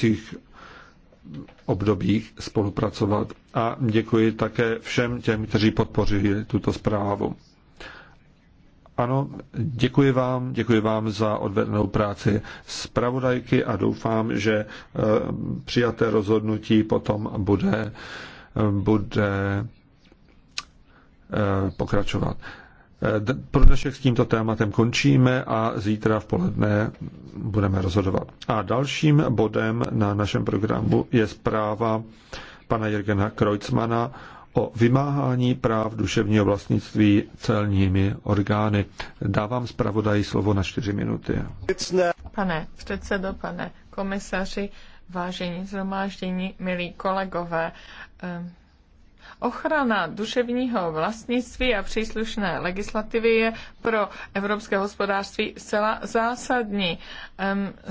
budoucích obdobích spolupracovat. A děkuji také všem těm, kteří podpořili tuto zprávu. Ano, děkuji vám, děkuji vám za odvedenou práci zpravodajky a doufám, že eh, přijaté rozhodnutí potom bude, eh, bude eh, pokračovat. Eh, pro dnešek s tímto tématem končíme a zítra v poledne budeme rozhodovat. A dalším bodem na našem programu je zpráva pana Jirgena Kreutzmana o vymáhání práv duševního vlastnictví celními orgány. Dávám zpravodaji slovo na čtyři minuty. Pane předsedo, pane komisaři, vážení zhromáždění, milí kolegové, um Ochrana duševního vlastnictví a příslušné legislativy je pro evropské hospodářství zcela zásadní.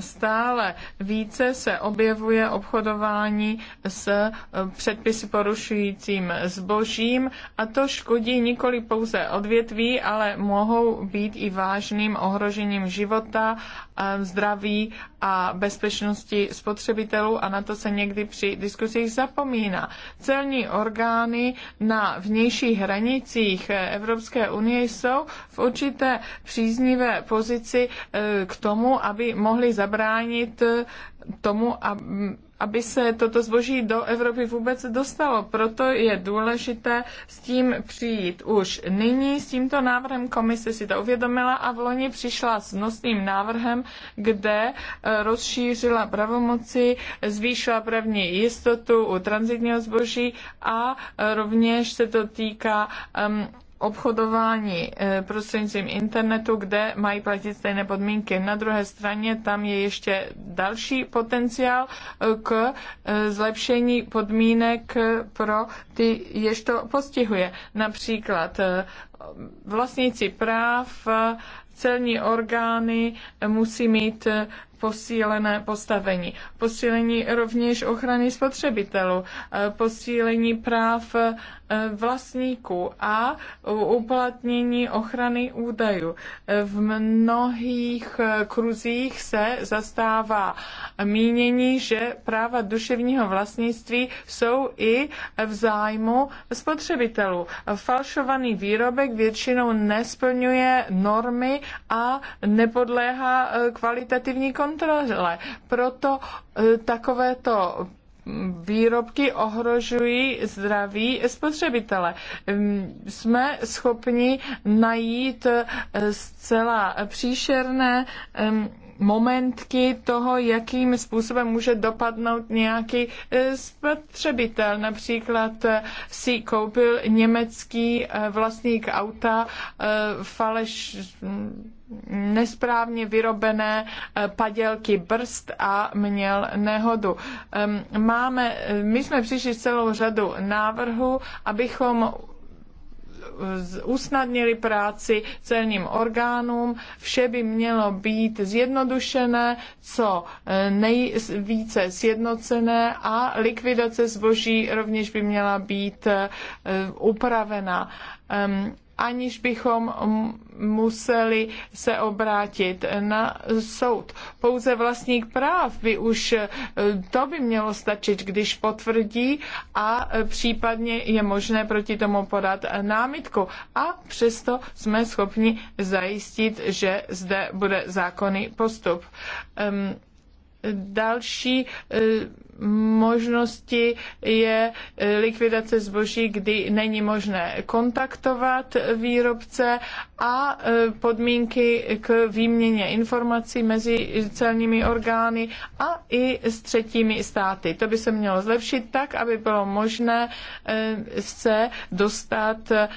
Stále více se objevuje obchodování s eh, předpisy porušujícím zbožím a to škodí nikoli pouze odvětví, ale mohou být i vážným ohrožením života, zdraví a bezpečnosti spotřebitelů a na to se někdy při diskusích zapomíná. Celní orgány na vnějších hranicích Evropské unie jsou v určité příznivé pozici eh, k tomu, aby mohli zabránit eh, tomu, aby aby se toto zboží do Evropy vůbec dostalo. Proto je důležité s tím přijít už nyní. S tímto návrhem komise si to uvědomila a v loni přišla s nosným návrhem, kde eh, rozšířila pravomoci, zvýšila pravní jistotu u transitního zboží a eh, rovněž se to týká um, obchodování eh, prostřednictvím internetu, kde mají platit stejné podmínky. Na druhé straně tam je ještě další potenciál eh, k eh, zlepšení podmínek pro ty, jež to postihuje. Například vlastníci práv, celní orgány musí mít posílené postavení. Posílení rovněž ochrany spotřebitelů, posílení práv E, vlastníků a uplatnění ochrany údajů. E, v mnohých e, kruzích se zastává mínění, že práva duševního vlastnictví jsou i v zájmu spotřebitelů. Falšovaný výrobek většinou nesplňuje normy a nepodléhá kvalitativní kontrole. Proto takovéto výrobky ohrožují zdraví spotřebitele. Jsme schopni najít eh, zcela příšerné momentky toho, jakým způsobem může dopadnout nějaký eh, spotřebitel. Například eh, si koupil německý vlastník auta faleš nesprávně vyrobené eh, padělky brzd a měl nehodu. Máme, eh, my jsme přišli celou řadu návrhů, abychom usnadnili práci celním orgánům. Vše by mělo být zjednodušené, co eh, nejvíce sjednocené a likvidace zboží rovněž by měla být upravena aniž bychom museli se obrátit na soud. Pouze vlastník práv by už e, to by mělo stačit, když potvrdí a případně je možné proti tomu podat námitku. A přesto jsme schopni zajistit, že zde bude zákonný postup. Um, Další eh, možnosti je eh, likvidace zboží, kdy není možné kontaktovat výrobce a eh, podmínky k výměně informací mezi celními orgány a i s třetími státy. To by se mělo zlepšit tak, aby bylo možné se dostat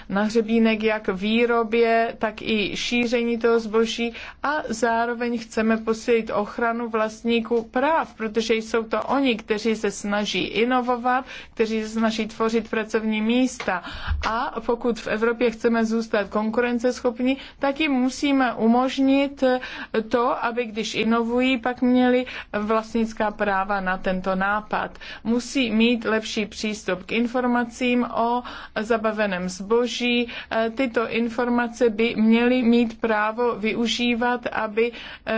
na hřebínek jak výrobě, tak i šíření toho zboží a zároveň chceme posílit ochranu vlastníků trochu práv, protože jsou to oni, kteří se snaží inovovat, kteří se snaží tvořit pracovní místa. A pokud v Evropě chceme zůstat konkurenceschopní, tak jim musíme umožnit to, aby když inovují, pak měli vlastnická práva na tento nápad. Musí mít lepší přístup k informacím o zabaveném zboží. Tyto informace by měly mít právo využívat, aby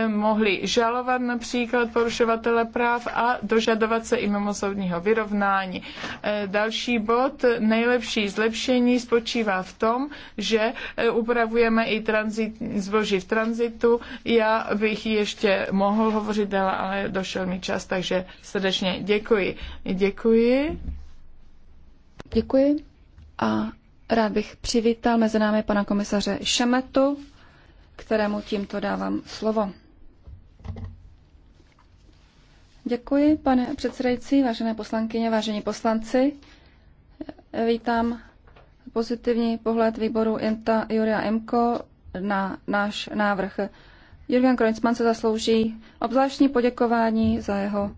mohli žalovat například po porušovatele práv a dožadovat se i mimosoudního vyrovnání. E, další bod, nejlepší zlepšení spočívá v tom, že e, upravujeme i transit, zboží v tranzitu. Já bych ještě mohl hovořit ale došel mi čas, takže srdečně děkuji. Děkuji. Děkuji a rád bych přivítal mezi námi pana komisaře Šemetu, kterému tímto dávám slovo. Děkuji, pane předsedající, vážené poslankyně, vážení poslanci. Vítám pozitivní pohled výboru INTA Juria Imko na náš návrh. Julian Kreuzmann se zaslouží obzvláštní poděkování za jeho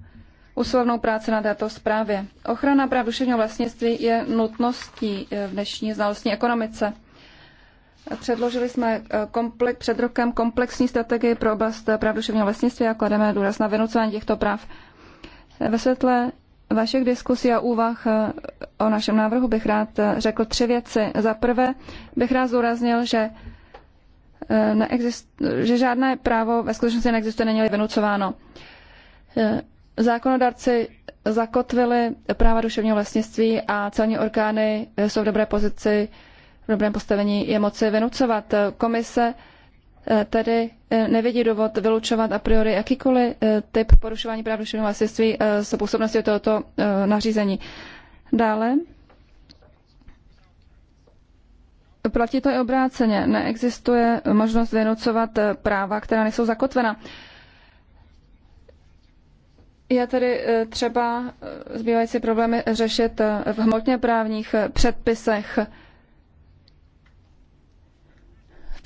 usilovnou práci na této zprávě. Ochrana práv duševního vlastnictví je nutností v dnešní znalostní ekonomice. Předložili jsme eh, komple- před rokem komplexní strategii pro oblast eh, práv duševního vlastnictví a klademe důraz na vynucování těchto práv. Eh, ve světle vašich diskusí a úvah o našem návrhu bych rád řekl tři věci. Za prvé bych rád zdůraznil, že, neexist, že žádné právo ve skutečnosti neexistuje, není vynucováno. Zákonodarci zakotvili práva duševního vlastnictví a celní orgány jsou v dobré pozici v dobrém postavení je moci vynucovat. Komise eh, tedy eh, nevidí důvod vylučovat a priori jakýkoliv eh, typ porušování práv duševního vlastnictví s působností tohoto nařízení. Dále platí to i obráceně. Neexistuje možnost vynucovat práva, která nejsou zakotvena. Je tedy třeba zbývající problémy řešit v hmotně právních předpisech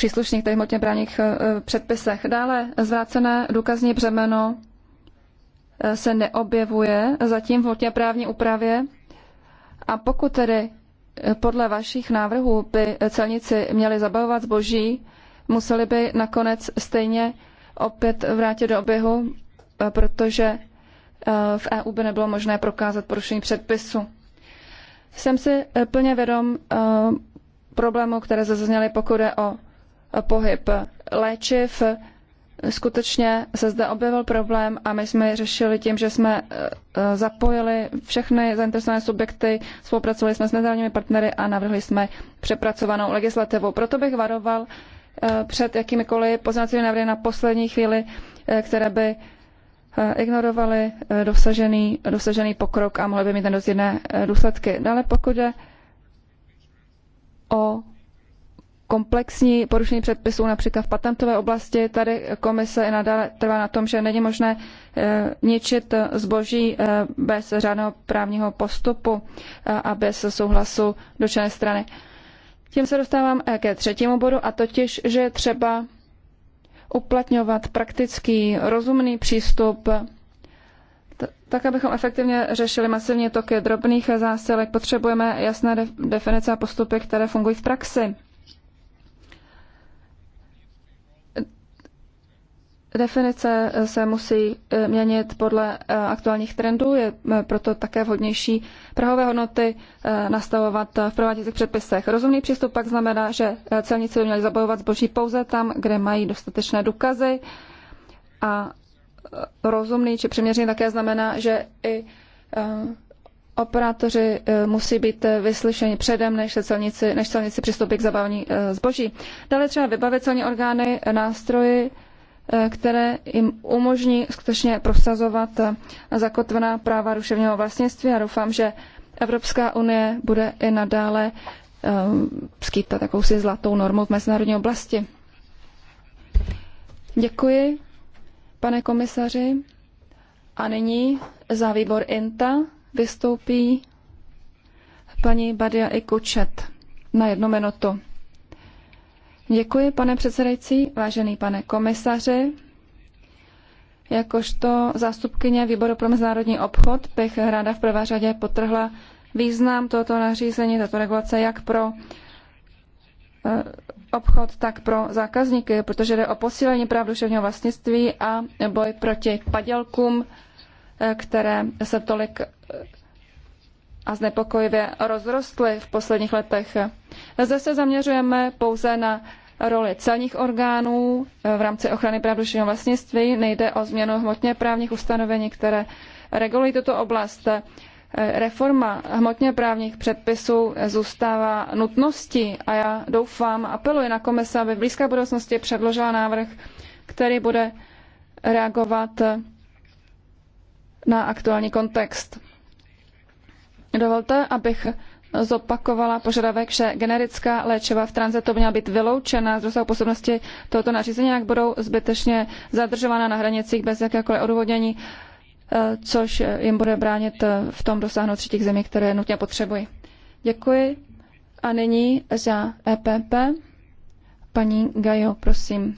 příslušných těch hmotně právních eh, eh, předpisech. Dále zvrácené důkazní břemeno eh, se neobjevuje zatím v hmotně právní úpravě. A pokud tedy podle vašich návrhů by celnici měli zabavovat zboží, museli by nakonec stejně opět vrátit do oběhu, protože v EU by nebylo možné prokázat porušení předpisu. Jsem si plně vědom problémů, které zazněly, pokud jde o pohyb léčiv. Skutečně se zde objevil problém a my jsme ji řešili tím, že jsme eh, zapojili všechny zainteresované subjekty, spolupracovali jsme s mezinárodními partnery a navrhli jsme přepracovanou legislativu. Proto bych varoval eh, před jakýmikoliv poznacími návrhy na poslední chvíli, eh, které by ignorovali dosažený, dosažený pokrok a mohly by mít nedozírné důsledky. Dále pokud je o komplexní porušení předpisů, například v patentové oblasti. Tady komise i nadále trvá na tom, že není možné eh, ničit zboží eh, bez řádného právního postupu eh, a bez souhlasu dočené strany. Tím se dostávám ke třetímu bodu, a totiž, že je třeba uplatňovat praktický, rozumný přístup tak, abychom efektivně řešili masivní toky drobných zásilek, potřebujeme jasné definice a postupy, které fungují v praxi. Definice eh, se musí eh, měnit podle eh, aktuálních trendů, je proto také vhodnější prahové hodnoty nastavovat v prováděcích předpisech. Rozumný přístup pak znamená, že celníci by měli zabavovat zboží pouze tam, kde mají dostatečné důkazy a rozumný či přiměřený také znamená, že i operátoři musí být vyslyšeni předem, než, se než celníci přistoupí k zabavení zboží. Dále třeba vybavit celní orgány nástroji, Eh, které jim umožní skutečně prosazovat eh, zakotvená práva duševního vlastnictví a doufám, že Evropská unie bude i nadále eh, skýtat takousi zlatou normu v mezinárodní oblasti. Děkuji, pane komisaři. A nyní za výbor INTA vystoupí paní Badia Ikučet na jednu minutu. Děkuji, pane předsedající, vážený pane komisaři. Jakožto zástupkyně výboru pro mezinárodní obchod bych ráda v prvé řadě potrhla význam tohoto nařízení, tato regulace, jak pro eh, obchod, tak pro zákazníky, protože jde o posílení práv duševního vlastnictví a boj proti padělkům, eh, které se tolik eh, a znepokojivě rozrostly v posledních letech. Zde se zaměřujeme pouze na roli celních orgánů eh, v rámci ochrany práv duševního vlastnictví. Nejde o změnu hmotně právních ustanovení, které regulují tuto oblast. Eh, Reforma hmotně právních předpisů zůstává nutností a já doufám, apeluji na komise, aby v blízké budoucnosti předložila návrh, který bude reagovat eh, na aktuální kontext. Dovolte, abych zopakovala požadavek, že generická léčiva v tranzitu měla být vyloučena z rozsahu působnosti tohoto nařízení, jak budou zbytečně zadržována na hranicích bez jakéhokoliv odůvodnění, eh, což jim bude bránit eh, v tom dosáhnout třetích zemí, které nutně potřebují. Děkuji. A nyní za EPP paní Gajo, prosím.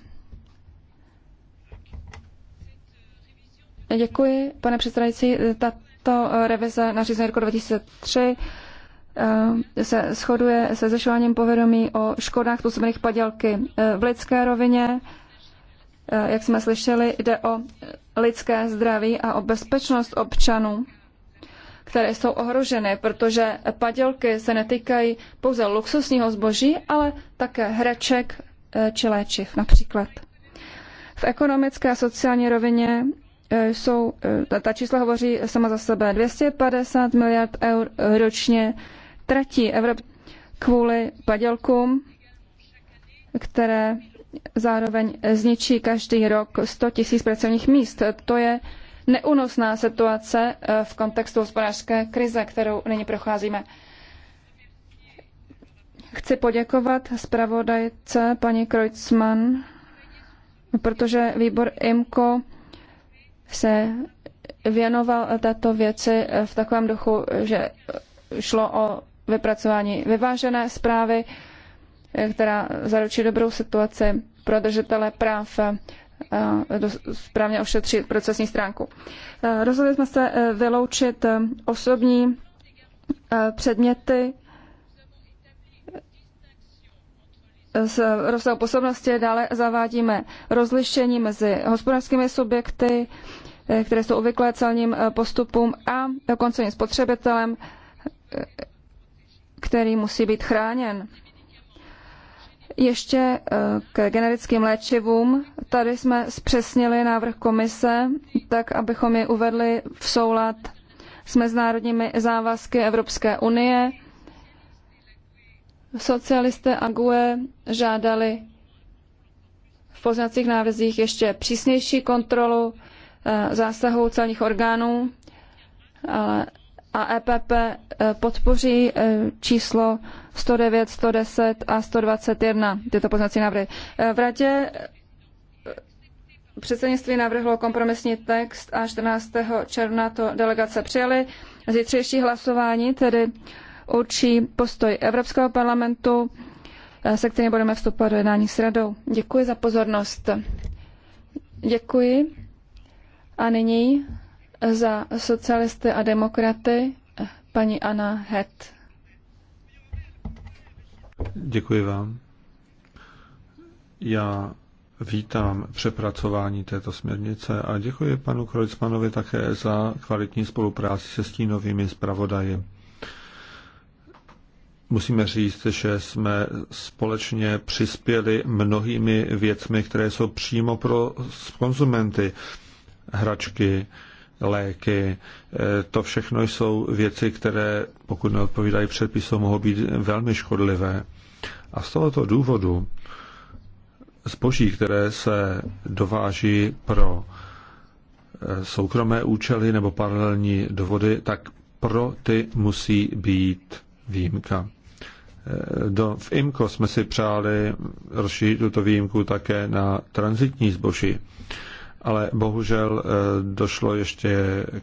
Děkuji, pane předsedající. Tato revize nařízení roku 2003 Eh, se shoduje se zešováním povědomí o škodách způsobených padělky eh, v lidské rovině. Eh, jak jsme slyšeli, jde o lidské zdraví a o bezpečnost občanů, které jsou ohroženy, protože padělky se netýkají pouze luxusního zboží, ale také hraček či léčiv například. V ekonomické a sociální rovině jsou, ta čísla hovoří sama za sebe, 250 miliard eur ročně tratí Evrop kvůli padělkům, které zároveň zničí každý rok 100 tisíc pracovních míst. To je neunosná situace eh, v kontextu hospodářské krize, kterou nyní procházíme. Chci poděkovat zpravodajce paní Kreutzmann, protože výbor IMCO se věnoval této věci eh, v takovém duchu, že šlo o vypracování vyvážené zprávy, eh, která zaručí dobrou situaci pro držitele práv eh, eh, správně ošetřit procesní stránku. Rozhodli jsme se vyloučit osobní předměty z rozsahu posobnosti. Dále zavádíme rozlišení mezi hospodářskými subjekty, které jsou obvyklé celním postupům a koncovým spotřebitelem, který musí být chráněn. Ještě eh, k generickým léčivům. Tady jsme zpřesnili návrh komise, tak abychom je uvedli v soulad s mezinárodními závazky Evropské unie. Socialisté a GUE žádali v poznacích návrzích ještě přísnější kontrolu eh, zásahu celních orgánů, ale a EPP eh, podpoří eh, číslo 109, 110 a 121 tyto poznací návrhy. Eh, v radě předsednictví navrhlo kompromisní text a 14. června to delegace přijali. Zítřejší hlasování tedy určí postoj Evropského parlamentu, se kterým budeme vstupovat do jednání s radou. Děkuji za pozornost. Děkuji. A nyní za socialisty a demokraty paní Anna Het. Děkuji vám. Já vítám přepracování této směrnice a děkuji panu Krojcmanovi také za kvalitní spolupráci se stínovými zpravodaji. Musíme říct, že jsme společně přispěli mnohými věcmi, které jsou přímo pro konzumenty hračky, léky. E, to všechno jsou věci, které, pokud neodpovídají předpisu, mohou být velmi škodlivé. A z tohoto důvodu zboží, které se dováží pro e, soukromé účely nebo paralelní dovody, tak pro ty musí být výjimka. E, do, v IMCO jsme si přáli rozšířit tuto výjimku také na transitní zboží ale bohužel eh, došlo ještě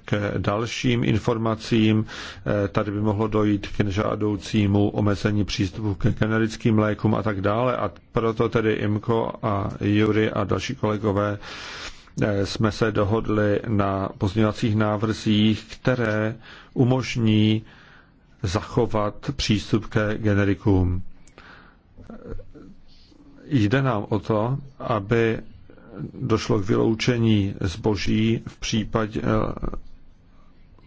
k dalším informacím. Eh, tady by mohlo dojít k nežádoucímu omezení přístupu k generickým lékům a tak dále. A proto tedy Imko a Jury a další kolegové eh, jsme se dohodli na pozměňovacích návrzích, které umožní zachovat přístup ke generikům. Jde nám o to, aby došlo k vyloučení zboží v případě,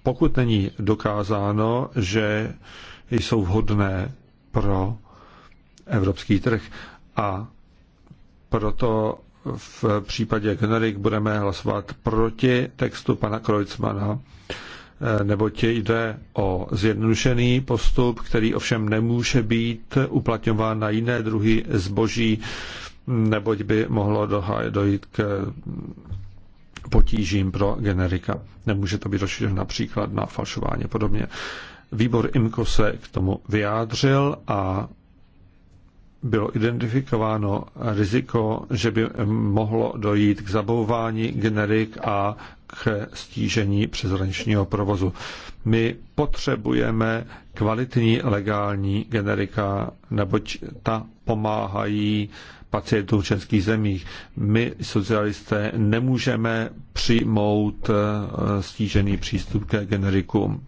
pokud není dokázáno, že jsou vhodné pro evropský trh. A proto v případě generik budeme hlasovat proti textu pana Krojcmana, neboť jde o zjednodušený postup, který ovšem nemůže být uplatňován na jiné druhy zboží, neboť by mohlo dojít k potížím pro generika. Nemůže to být rozšířeno například na falšování a podobně. Výbor IMCO se k tomu vyjádřil a bylo identifikováno riziko, že by mohlo dojít k zabouvání generik a k stížení přeshraničního provozu. My potřebujeme kvalitní legální generika, neboť ta pomáhají pacientů v českých zemích. My, socialisté, nemůžeme přijmout eh, stížený přístup ke generikům.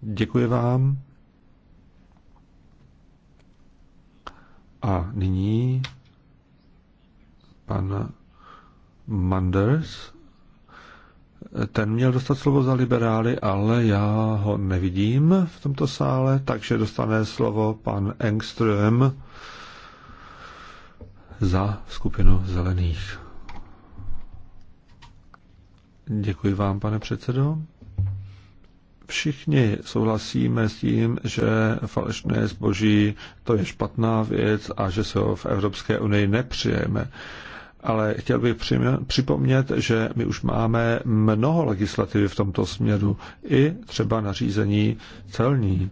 Děkuji vám. A nyní pan Manders. Ten měl dostat slovo za liberály, ale já ho nevidím v tomto sále, takže dostane slovo pan Engström za skupinu zelených. Děkuji vám, pane předsedo. Všichni souhlasíme s tím, že falešné zboží to je špatná věc a že se ho v Evropské unii nepřijeme. Ale chtěl bych připomnět, že my už máme mnoho legislativy v tomto směru, i třeba nařízení celní.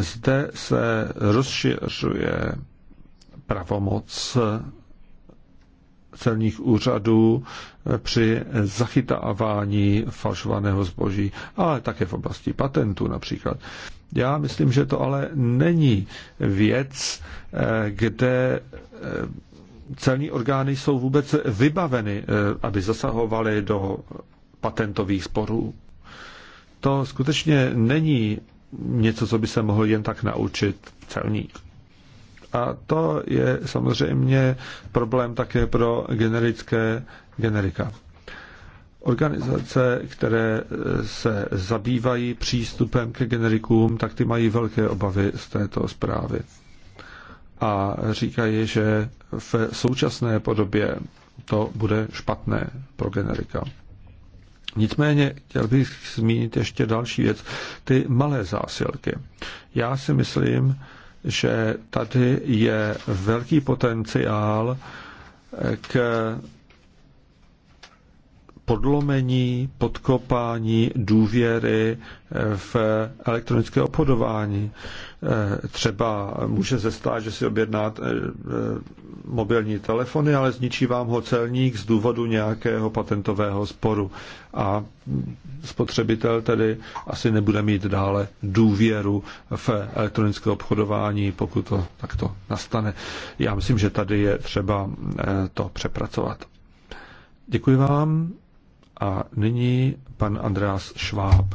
Zde se rozšiřuje pravomoc celních úřadů při zachytávání falšovaného zboží, ale také v oblasti patentů například. Já myslím, že to ale není věc, kde eh, celní orgány jsou vůbec vybaveny, eh, aby zasahovaly do patentových sporů. To skutečně není něco, co by se mohl jen tak naučit celník. A to je samozřejmě problém také pro generické generika. Organizace, které se zabývají přístupem ke generikům, tak ty mají velké obavy z této zprávy. A říkají, že v současné podobě to bude špatné pro generika. Nicméně chtěl bych zmínit ještě další věc, ty malé zásilky. Já si myslím, že tady je velký potenciál k podlomení, podkopání důvěry v elektronické obchodování. Eh, třeba může se stát, že si objednáte eh, eh, mobilní telefony, ale zničí vám ho celník z důvodu nějakého patentového sporu. A spotřebitel tedy asi nebude mít dále důvěru v elektronické obchodování, pokud to takto nastane. Já myslím, že tady je třeba to přepracovat. Děkuji vám. A nyní pan Andreas Schwab.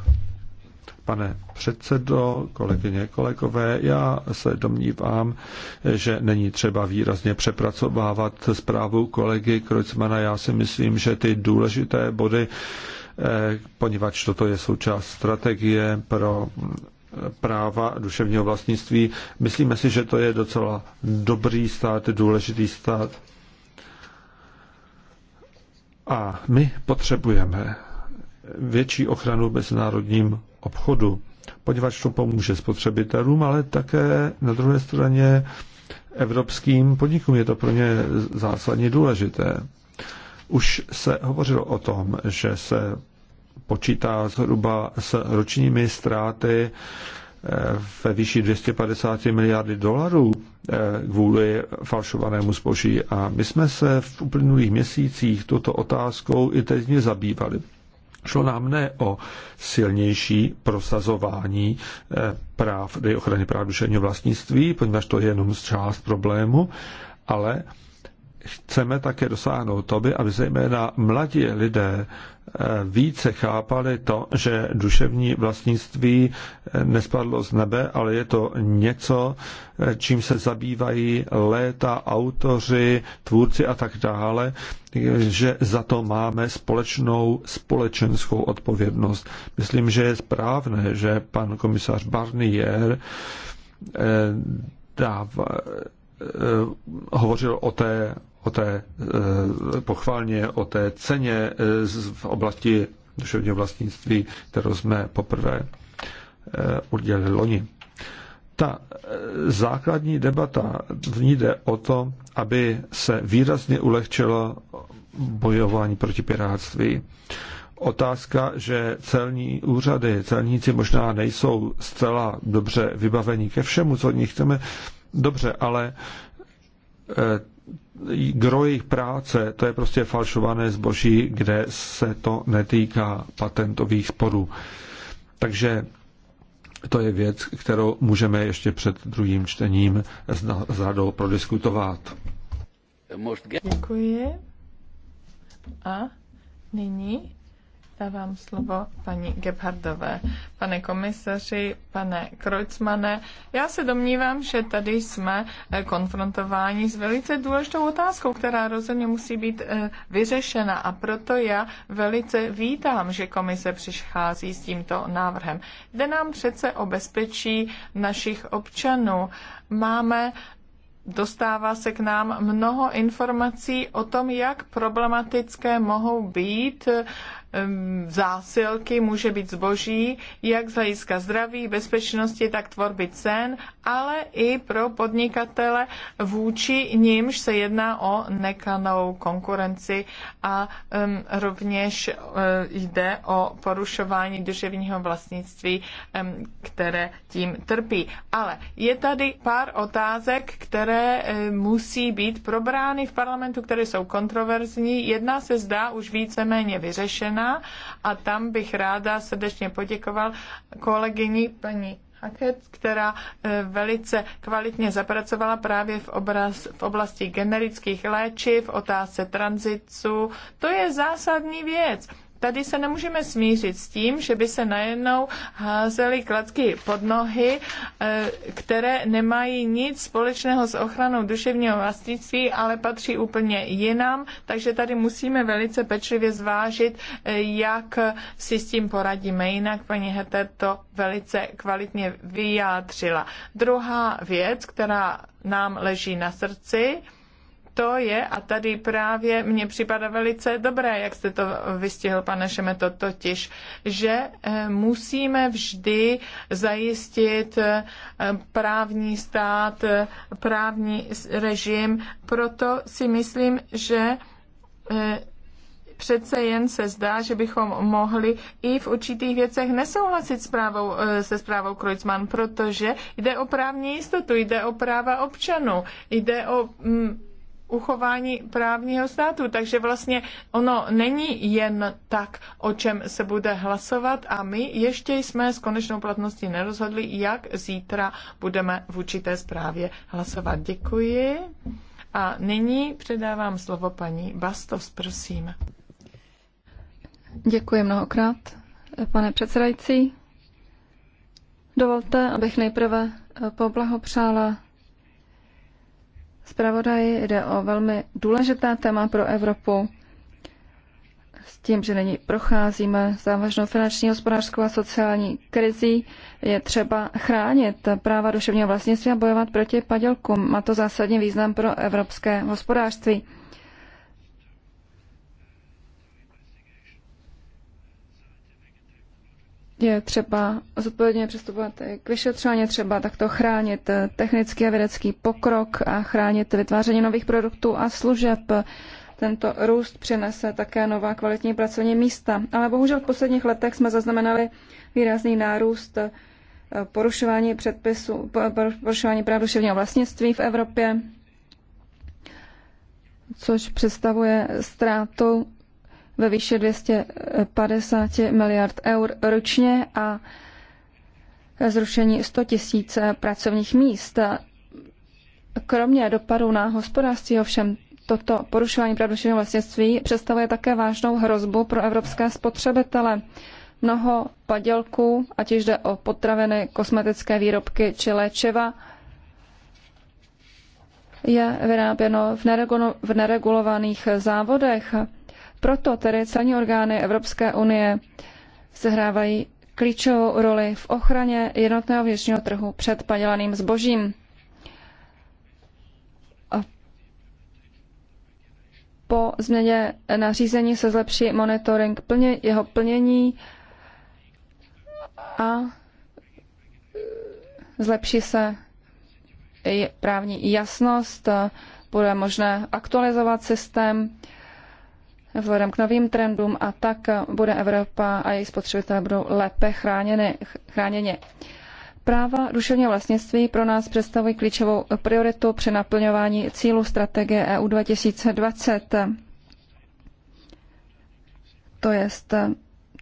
Pane předsedo, kolegyně, kolegové, já se domnívám, že není třeba výrazně přepracovávat zprávu kolegy Krojcmana. Já si myslím, že ty důležité body, eh, poněvadž toto je součást strategie pro eh, práva duševního vlastnictví. Myslíme si, že to je docela dobrý stát, důležitý stát. A my potřebujeme větší ochranu mezinárodním obchodu, poněvadž to pomůže spotřebitelům, ale také na druhé straně evropským podnikům. Je to pro ně zásadně důležité. Už se hovořilo o tom, že se počítá zhruba s ročními ztráty eh, ve výši 250 miliardy dolarů eh, kvůli falšovanému zboží. A my jsme se v uplynulých měsících tuto otázkou i teď zabývali. Šlo nám ne o silnější prosazování eh, práv, ochrany práv duševního vlastnictví, poněvadž to je jenom část problému, ale chceme také dosáhnout to, aby zejména mladí lidé eh, více chápali to, že duševní vlastnictví eh, nespadlo z nebe, ale je to něco, eh, čím se zabývají léta, autoři, tvůrci a tak dále, že za to máme společnou společenskou odpovědnost. Myslím, že je správné, že pan komisař Barnier dává, hovořil o té o té eh, pochválně, o té ceně eh, v oblasti duševního vlastnictví, kterou jsme poprvé eh, udělali loni. Ta základní debata v ní jde o to, aby se výrazně ulehčilo bojování proti pirátství. Otázka, že celní úřady, celníci možná nejsou zcela dobře vybavení ke všemu, co od nich chceme, dobře, ale gro jejich práce, to je prostě falšované zboží, kde se to netýká patentových sporů. Takže to je věc, kterou můžeme ještě před druhým čtením s radou prodiskutovat. Děkuji. A nyní Dávám slovo paní Gebhardové. Pane komisaři, pane Kreutzmane, já se domnívám, že tady jsme eh, konfrontováni s velice důležitou otázkou, která rozhodně musí být eh, vyřešena a proto já velice vítám, že komise přichází s tímto návrhem. Jde nám přece o bezpečí našich občanů. Máme dostává se k nám mnoho informací o tom, jak problematické mohou být zásilky, může být zboží, jak z hlediska zdraví, bezpečnosti, tak tvorby cen, ale i pro podnikatele vůči nímž se jedná o nekanou konkurenci a um, rovněž um, jde o porušování duševního vlastnictví, um, které tím trpí. Ale je tady pár otázek, které které eh, musí být probrány v parlamentu, které jsou kontroverzní. Jedna se zdá už víceméně vyřešená a tam bych ráda srdečně poděkoval kolegyni paní Hackett, která eh, velice kvalitně zapracovala právě v, obraz, v oblasti generických léčiv, otázce tranzitu. To je zásadní věc tady se nemůžeme smířit s tím, že by se najednou házely klacky pod nohy, eh, které nemají nic společného s ochranou duševního vlastnictví, ale patří úplně jinam, takže tady musíme velice pečlivě zvážit, eh, jak si s tím poradíme. Jinak paní Hete to velice kvalitně vyjádřila. Druhá věc, která nám leží na srdci, to je, a tady právě mně připadá velice dobré, jak jste to vystihl, pane Šemeto, totiž, že eh, musíme vždy zajistit eh, právní stát, eh, právní režim, proto si myslím, že přece jen se zdá, že bychom mohli i v určitých věcech nesouhlasit s právou, se zprávou Kreuzmann, protože jde o právní jistotu, jde o práva občanů, jde o mm, uchování právního státu. Takže vlastně ono není jen tak, o čem se bude hlasovat a my ještě jsme s konečnou platností nerozhodli, jak zítra budeme v určité zprávě hlasovat. Děkuji. A nyní předávám slovo paní Bastos, prosím. Děkuji mnohokrát, pane předsedající. Dovolte, abych nejprve poblahopřála zpravodaji. Jde o velmi důležité téma pro Evropu s tím, že není procházíme závažnou finanční, hospodářskou a sociální krizí, je třeba chránit práva duševního vlastnictví a bojovat proti padělkům. Má to zásadní význam pro evropské hospodářství. je třeba zodpovědně přistupovat k vyšetřování, třeba takto chránit eh, technický a vědecký pokrok a chránit vytváření nových produktů a služeb. Tento růst přinese také nová kvalitní pracovní místa. Ale bohužel v posledních letech jsme zaznamenali výrazný nárůst eh, porušování předpisů, porušování práv duševního vlastnictví v Evropě, což představuje ztrátu ve výši 250 miliard eur ročně a zrušení 100 tisíc pracovních míst. Kromě dopadu na hospodářství ovšem toto porušování práv vlastnictví představuje také vážnou hrozbu pro evropské spotřebitele. Mnoho padělků, ať již jde o potraviny, kosmetické výrobky či léčeva, je vyráběno v neregulovaných závodech proto tedy celní orgány Evropské unie sehrávají klíčovou roli v ochraně jednotného vnitřního trhu před padělaným zbožím. Po změně nařízení se zlepší monitoring plně, jeho plnění a zlepší se právní jasnost, bude možné aktualizovat systém vzhledem k novým trendům a tak bude Evropa a její spotřebitelé budou lépe chráněny, chráněně. Práva duševního vlastnictví pro nás představují klíčovou prioritu při naplňování cílu strategie EU 2020. To je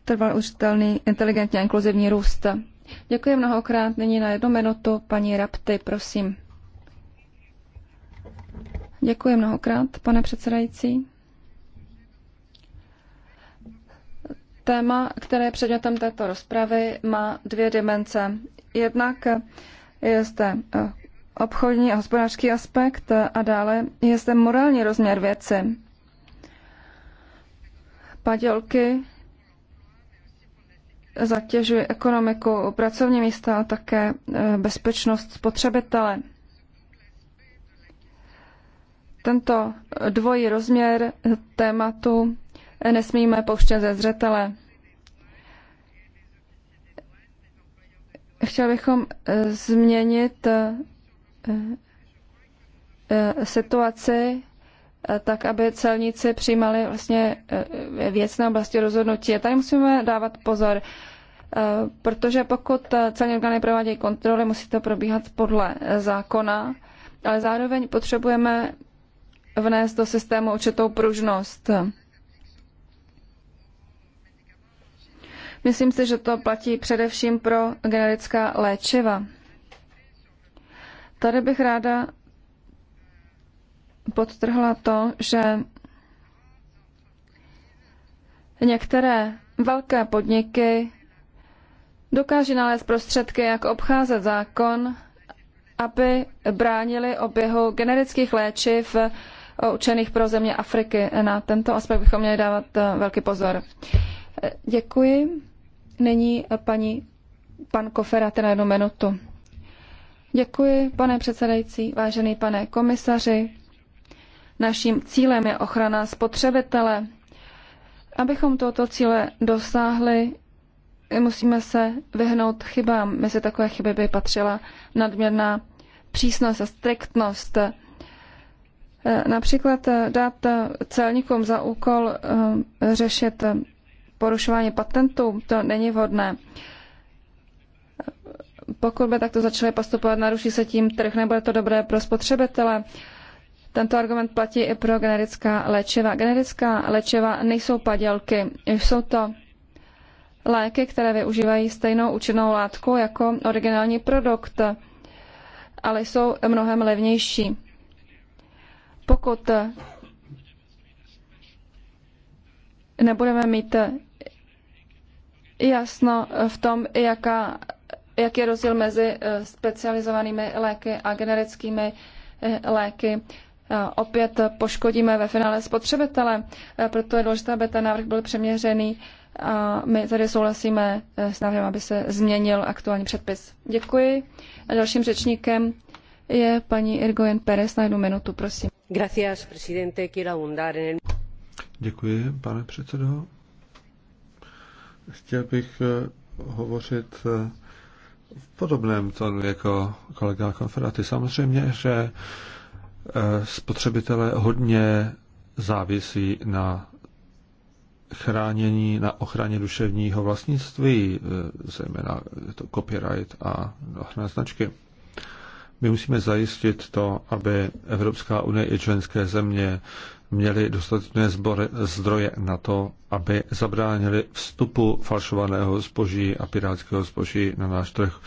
trval užitelný, inteligentně inkluzivní růst. Děkuji mnohokrát. Nyní na jednu minutu paní Rapty, prosím. Děkuji mnohokrát, pane předsedající. Téma, které je předmětem této rozpravy, má dvě dimenze. Jednak je zde eh, obchodní a hospodářský aspekt a dále je zde morální rozměr věci. Padělky zatěžují ekonomiku, pracovní místa a také eh, bezpečnost spotřebitele. Tento dvojí rozměr tématu nesmíme pouštět ze zřetele. Chtěl bychom eh, změnit eh, eh, situaci tak, aby celníci přijímali vlastně věcné oblasti rozhodnutí. A tady musíme dávat pozor, protože pokud celní orgány provádějí kontroly, musí to probíhat podle zákona, ale zároveň potřebujeme vnést do systému určitou pružnost. Myslím si, že to platí především pro generická léčiva. Tady bych ráda podtrhla to, že některé velké podniky dokáží nalézt prostředky, jak obcházet zákon, aby bránili oběhu generických léčiv učených pro země Afriky. Na tento aspekt bychom měli dávat eh, velký pozor. Eh, děkuji. Není paní pan Kofera, teda jednu minutu. Děkuji, pane předsedající, vážený pane komisaři. Naším cílem je ochrana spotřebitele. Abychom tohoto cíle dosáhli, musíme se vyhnout chybám. Mezi takové chyby by patřila nadměrná přísnost a striktnost. Například dát celníkům za úkol eh, řešit porušování patentů, to není vhodné. Pokud by takto začaly postupovat, naruší se tím trh, nebude to dobré pro spotřebitele. Tento argument platí i pro generická léčiva. Generická léčiva nejsou padělky, jsou to léky, které využívají stejnou účinnou látku jako originální produkt, ale jsou mnohem levnější. Pokud nebudeme mít jasno v tom, jaká, jak je rozdíl mezi eh, specializovanými léky a generickými eh, léky. Eh, opět poškodíme ve finále spotřebitele, proto je důležité, aby ten návrh byl přeměřený a my tady souhlasíme s návrhem, aby se změnil aktuální předpis. Děkuji. A dalším řečníkem je paní Irgoyen Perez na jednu minutu, prosím. Gracias, presidente. Quiero abundar en el... Děkuji, pane předsedo. Chtěl bych eh, hovořit eh, v podobném tonu jako kolega Konferaty. Samozřejmě, že eh, spotřebitelé hodně závisí na chránění, na ochraně duševního vlastnictví, zejména to copyright a ochranné značky. My musíme zajistit to, aby Evropská unie i členské země měli dostatečné zbory, zdroje na to, aby zabránili vstupu falšovaného zboží a pirátského zboží na náš trh.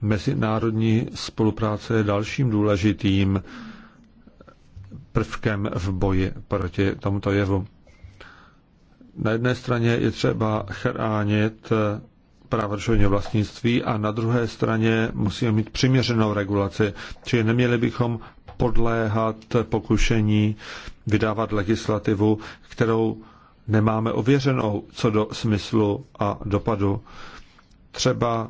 Mezinárodní spolupráce je dalším důležitým prvkem v boji proti tomuto jevu. Na jedné straně je třeba chránit práva duševního vlastnictví a na druhé straně musíme mít přiměřenou regulaci, čili neměli bychom podléhat pokušení vydávat legislativu, kterou nemáme ověřenou co do smyslu a dopadu. Třeba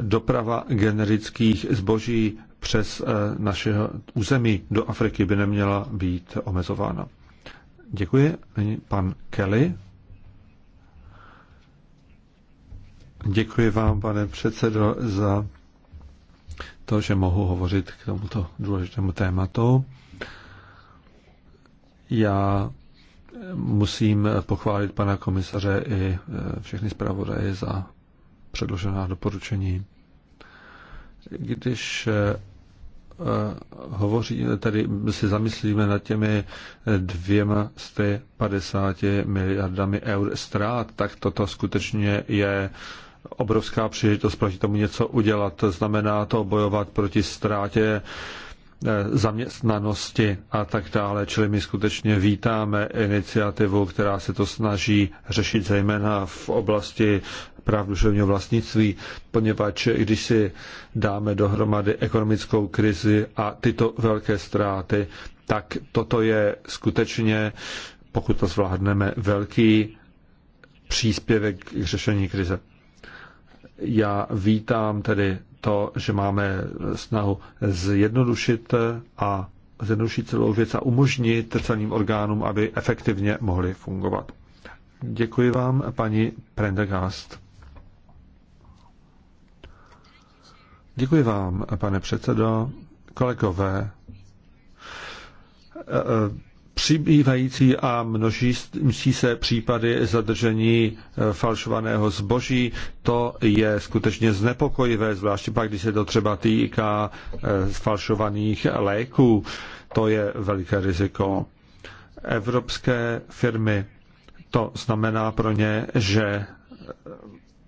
doprava generických zboží přes eh, naše území do Afriky by neměla být omezována. Děkuji. Nyní pan Kelly. Děkuji vám, pane předsedo, za to, že mohu hovořit k tomuto důležitému tématu. Já musím pochválit pana komisaře i e, všechny zpravodaje za předložená doporučení. Když e, e, hovoří, tedy si zamyslíme nad těmi dvěma z miliardami eur ztrát, tak toto skutečně je obrovská příležitost proti tomu něco udělat. Znamená to bojovat proti ztrátě eh, zaměstnanosti a tak dále. Čili my skutečně vítáme iniciativu, která se to snaží řešit zejména v oblasti práv duševního vlastnictví, poněvadž když si dáme dohromady ekonomickou krizi a tyto velké ztráty, tak toto je skutečně, pokud to zvládneme, velký příspěvek k řešení krize. Já vítám tedy to, že máme snahu zjednodušit a zjednodušit celou věc a umožnit celým orgánům, aby efektivně mohly fungovat. Děkuji vám, paní Prendergast. Děkuji vám, pane předsedo, kolegové přibývající a množící se případy zadržení e, falšovaného zboží, to je skutečně znepokojivé, zvláště pak, když se to třeba týká e, falšovaných léků. To je veliké riziko. Evropské firmy, to znamená pro ně, že e,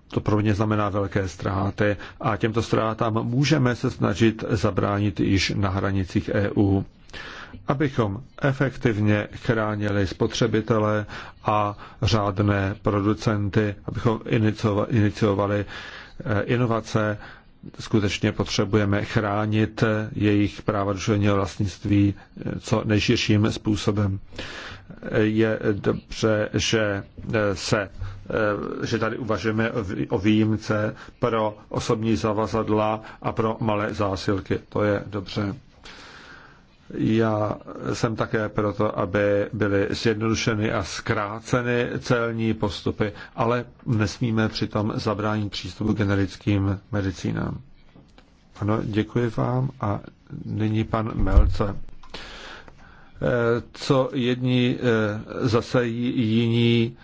to pro mě znamená velké ztráty a těmto ztrátám můžeme se snažit zabránit již na hranicích EU abychom efektivně chránili spotřebitele a řádné producenty, abychom iniciovali eh, inovace. Skutečně potřebujeme chránit eh, jejich práva duševního vlastnictví eh, co nejširším způsobem. Je dobře, že se že tady uvažujeme o výjimce pro osobní zavazadla a pro malé zásilky. To je dobře. Já jsem také proto, aby byly zjednodušeny a zkráceny celní postupy, ale nesmíme přitom zabránit přístupu generickým medicínám. Ano, děkuji vám a nyní pan Melce. Eh, co jedni eh, zase jiní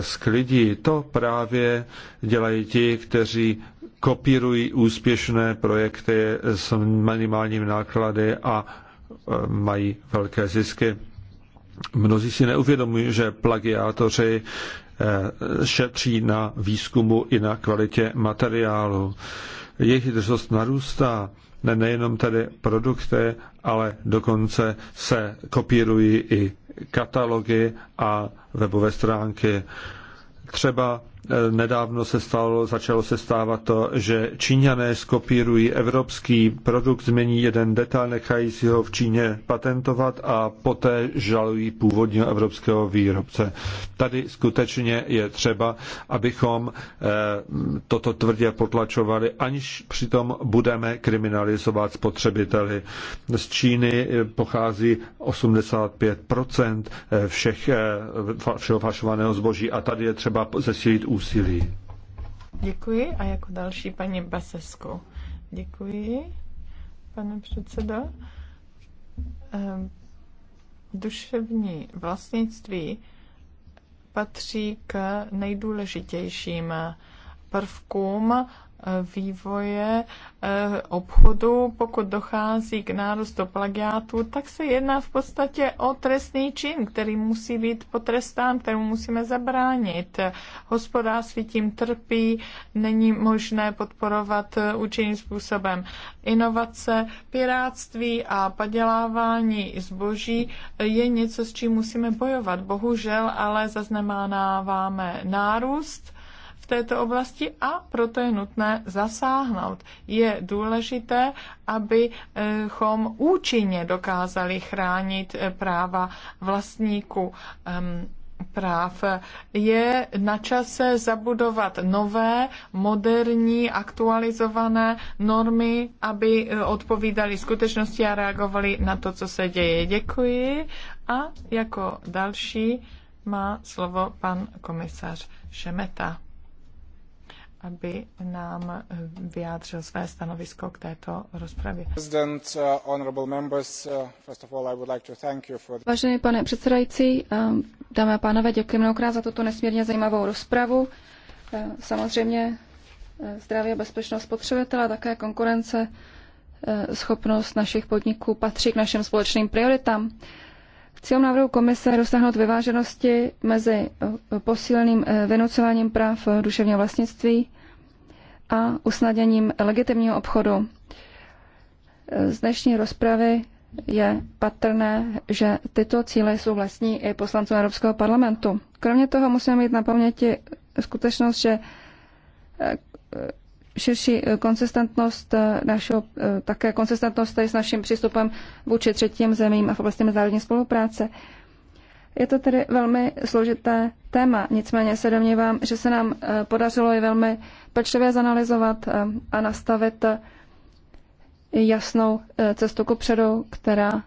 sklidí. To právě dělají ti, kteří kopírují úspěšné projekty s minimálními náklady a e, mají velké zisky. Mnozí si neuvědomují, že plagiátoři e, šetří na výzkumu i na kvalitě materiálu. Jejich drzost narůstá nejenom tedy produkty, ale dokonce se kopírují i katalogy a webové stránky. Třeba Nedávno se stalo, začalo se stávat to, že Číňané skopírují evropský produkt, změní jeden detail, nechají si ho v Číně patentovat a poté žalují původního evropského výrobce. Tady skutečně je třeba, abychom eh, toto tvrdě potlačovali, aniž přitom budeme kriminalizovat spotřebiteli. Z Číny eh, pochází 85 eh, všech, všeho fašovaného zboží a tady je třeba zesílit úsilí. Děkuji a jako další paní Basesko. Děkuji, pane předsedo. Ehm, duševní vlastnictví patří k nejdůležitějším prvkům Eh, vývoje eh, obchodu, pokud dochází k nárůstu plagiátu, tak se jedná v podstatě o trestný čin, který musí být potrestán, kterému musíme zabránit. Hospodářství tím trpí, není možné podporovat eh, účinným způsobem inovace, piráctví a padělávání zboží je něco, s čím musíme bojovat. Bohužel ale zaznamenáváme nárůst této oblasti a proto je nutné zasáhnout. Je důležité, abychom účinně dokázali chránit eh, práva vlastníků ehm, práv. Je na čase zabudovat nové, moderní, aktualizované normy, aby eh, odpovídali skutečnosti a reagovali na to, co se děje. Děkuji. A jako další má slovo pan komisař Šemeta aby nám eh, vyjádřil své stanovisko k této rozpravě. Uh, uh, Vážený pane předsedající, um, dámy a pánové, děkuji mnohokrát za tuto nesmírně zajímavou rozpravu. Uh, samozřejmě zdraví a bezpečnost spotřebitele, také konkurence, schopnost našich podniků patří k našim společným prioritám. Cílem návrhu komise je dosáhnout vyváženosti mezi eh, posíleným eh, vynucováním práv eh, duševního vlastnictví a usnadněním legitimního obchodu. Z dnešní rozpravy je patrné, že tyto cíle jsou vlastní i poslancům Evropského parlamentu. Kromě toho musíme mít na paměti skutečnost, že širší eh, konsistentnost eh, našeho, eh, také konsistentnost tady s naším přístupem vůči třetím zemím a v oblasti mezinárodní spolupráce. Je to tedy velmi složité téma, nicméně se domnívám, že se nám podařilo je velmi pečlivě zanalizovat a nastavit jasnou cestu ku předu, která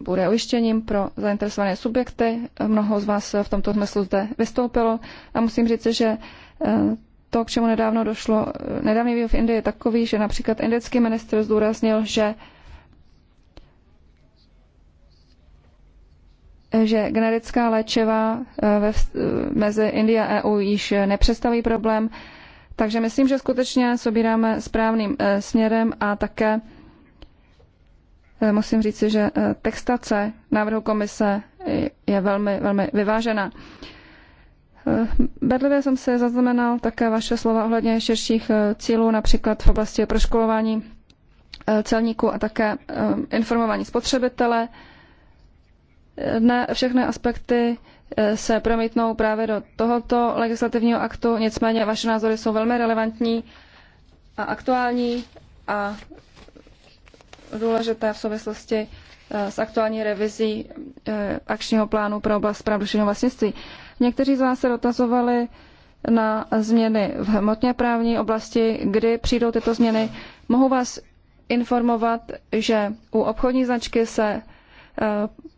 bude ujištěním pro zainteresované subjekty. Mnoho z vás v tomto smyslu zde vystoupilo a musím říct, že to, k čemu nedávno došlo, eh, nedávný vývoj v Indii je takový, že například indický ministr zdůraznil, že že generická léčiva eh, ve, eh, mezi Indie a EU již nepředstaví problém, takže myslím, že skutečně sobíráme obíráme správným směrem a také musím říci, že textace návrhu komise je velmi, velmi vyvážená. Eh, Berlivě jsem se zaznamenal také vaše slova ohledně širších eh, cílů, například v oblasti proškolování eh, celníků a také informování spotřebitele. Ne všechny aspekty se promítnou právě do tohoto legislativního aktu, nicméně vaše názory jsou velmi relevantní a aktuální a důležité v souvislosti s aktuální revizí akčního plánu pro oblast práv vlastnictví. Někteří z vás se dotazovali na změny v hmotně právní oblasti, kdy přijdou tyto změny. Mohu vás informovat, že u obchodní značky se eh,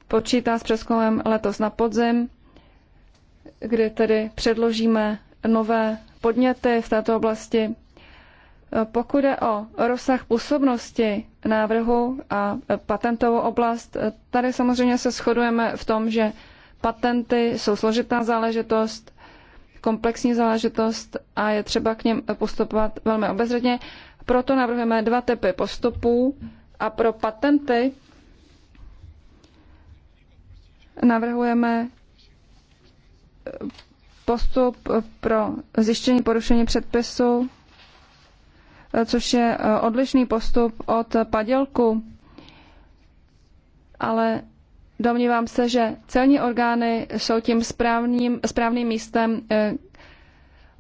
počítá s přeskolem letos na podzim, kdy tedy předložíme nové podněty v této oblasti. Eh, pokud je o rozsah působnosti návrhu a patentovou oblast, eh, tady samozřejmě se shodujeme v tom, že Patenty jsou složitá záležitost, komplexní záležitost a je třeba k něm postupovat velmi obezřetně. Proto navrhujeme dva typy postupů a pro patenty navrhujeme postup pro zjištění porušení předpisu, což je odlišný postup od padělku, ale Domnívám se, že celní orgány jsou tím správným, správným místem, eh,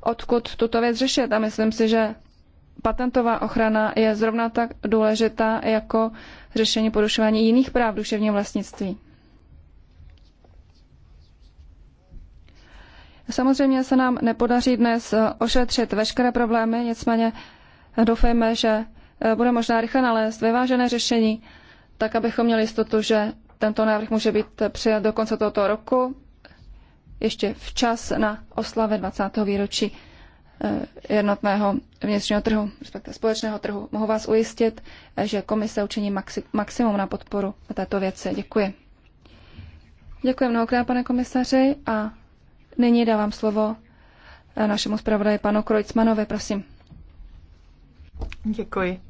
odkud tuto věc řešit. A myslím si, že patentová ochrana je zrovna tak důležitá jako řešení porušování jiných práv duševního vlastnictví. Samozřejmě se nám nepodaří dnes eh, ošetřit veškeré problémy, nicméně doufejme, že eh, bude možná rychle nalézt vyvážené řešení, tak abychom měli jistotu, že tento návrh může být přijat do konce tohoto roku, ještě včas na oslavě 20. výročí eh, jednotného vnitřního trhu, respektive společného trhu. Mohu vás ujistit, že komise učiní maximum na podporu této věci. Děkuji. Děkuji mnohokrát, pane komisaři, a nyní dávám slovo eh, našemu zpravodaji panu Krojcmanovi, prosím. Děkuji.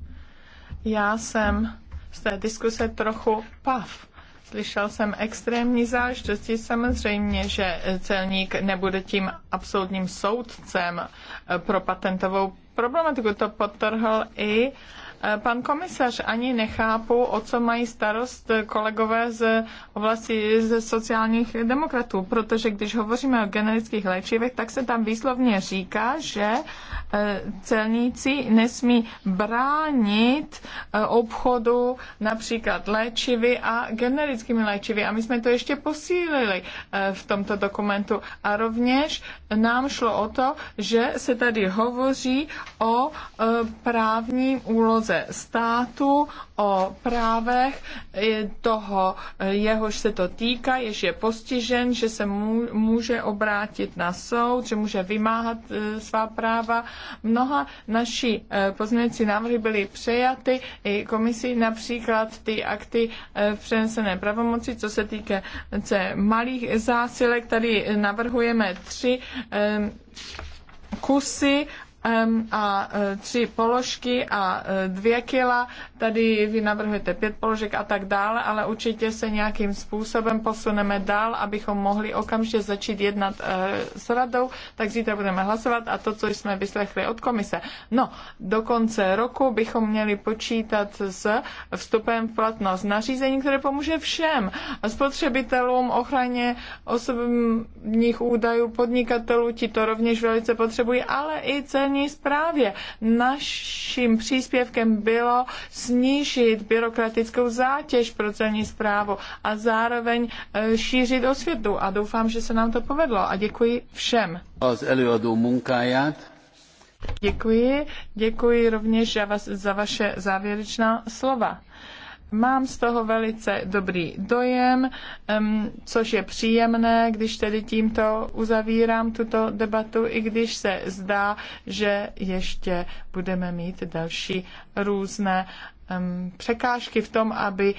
Já jsem z té diskuse trochu pav Slyšel jsem extrémní záležitosti. Samozřejmě, že celník nebude tím absolutním soudcem pro patentovou problematiku. To potrhl i uh, Pan komisař, ani nechápu, o co mají starost kolegové z oblasti ze sociálních demokratů, protože když hovoříme o generických léčivech, tak se tam výslovně říká, že e, celníci nesmí bránit e, obchodu například léčivy a generickými léčivy. A my jsme to ještě posílili e, v tomto dokumentu. A rovněž nám šlo o to, že se tady hovoří o právním úloze zástupce státu o právech toho, jehož se to týká, jež je postižen, že se může obrátit na soud, že může vymáhat e, svá práva. Mnoha naši e, pozměňující návrhy byly přejaty i komisí, například ty akty v e, přenesené pravomoci, co se týká malých zásilek. Tady navrhujeme tři kusy a e, tři položky a e, dvě kila tady vy navrhujete pět položek a tak dále, ale určitě se nějakým způsobem posuneme dál, abychom mohli okamžitě začít jednat eh, s radou, tak zítra budeme hlasovat a to, co jsme vyslechli od komise. No, do konce roku bychom měli počítat s vstupem v platnost nařízení, které pomůže všem spotřebitelům, ochraně osobních údajů, podnikatelů, ti to rovněž velice potřebují, ale i celní správě. Naším příspěvkem bylo s snížit byrokratickou zátěž pro celní zprávu a zároveň e, šířit osvětu. A doufám, že se nám to povedlo. A děkuji všem. Az Děkuji, děkuji rovněž za, vás, za vaše závěrečná slova. Mám z toho velice dobrý dojem, um, což je příjemné, když tedy tímto uzavírám tuto debatu, i když se zdá, že ještě budeme mít další různé překážky v tom, aby